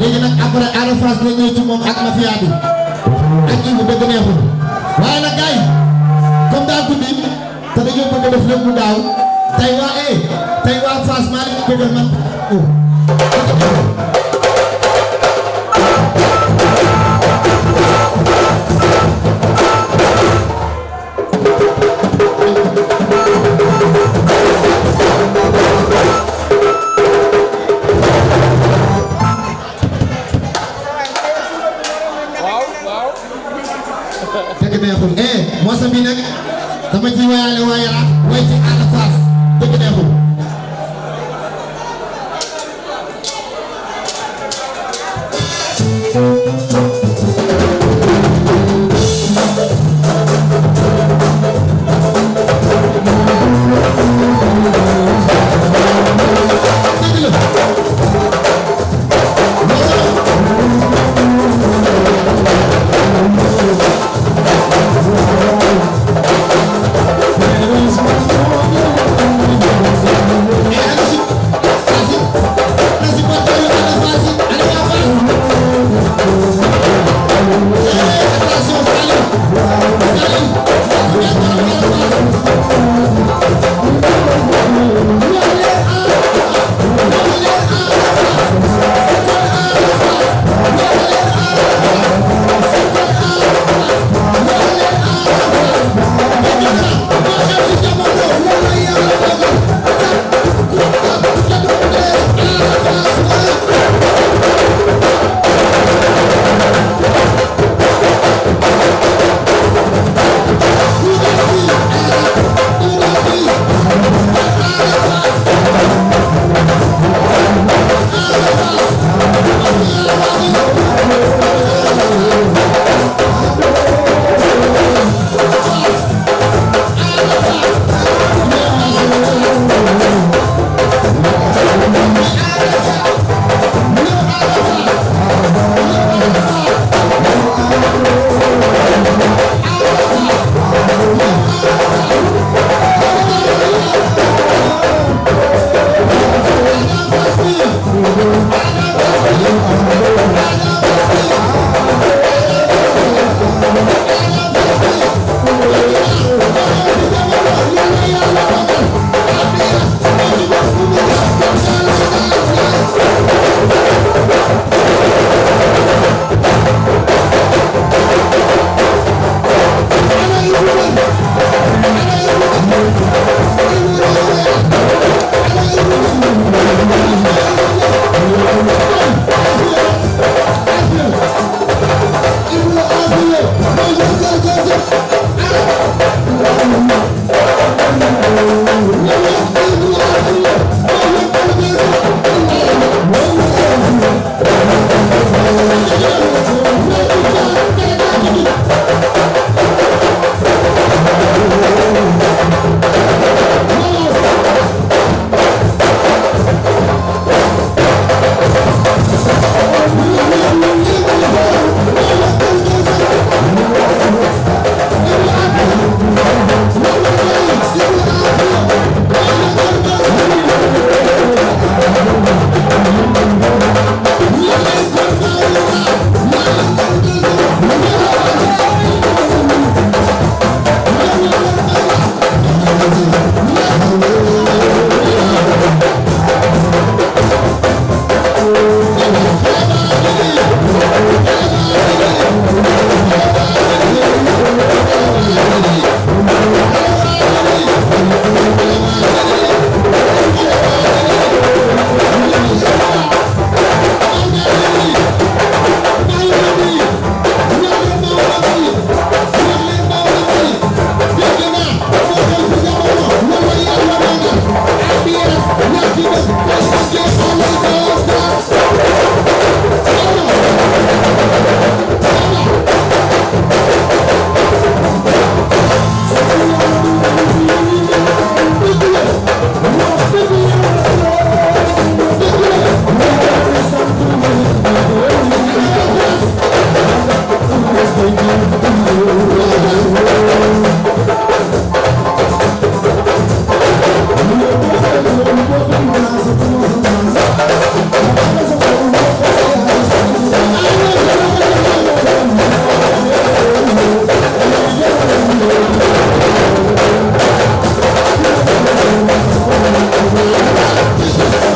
léegi nag après Ada Fass la ñëw ci moom ak mafia bi ak Ibou dëgg neexul waaye nag gars yi comme daa guddi te dañoo bëgg a def lépp mu daaw tey waa eh tey waa Fass maa leen bëgg a man Thank you.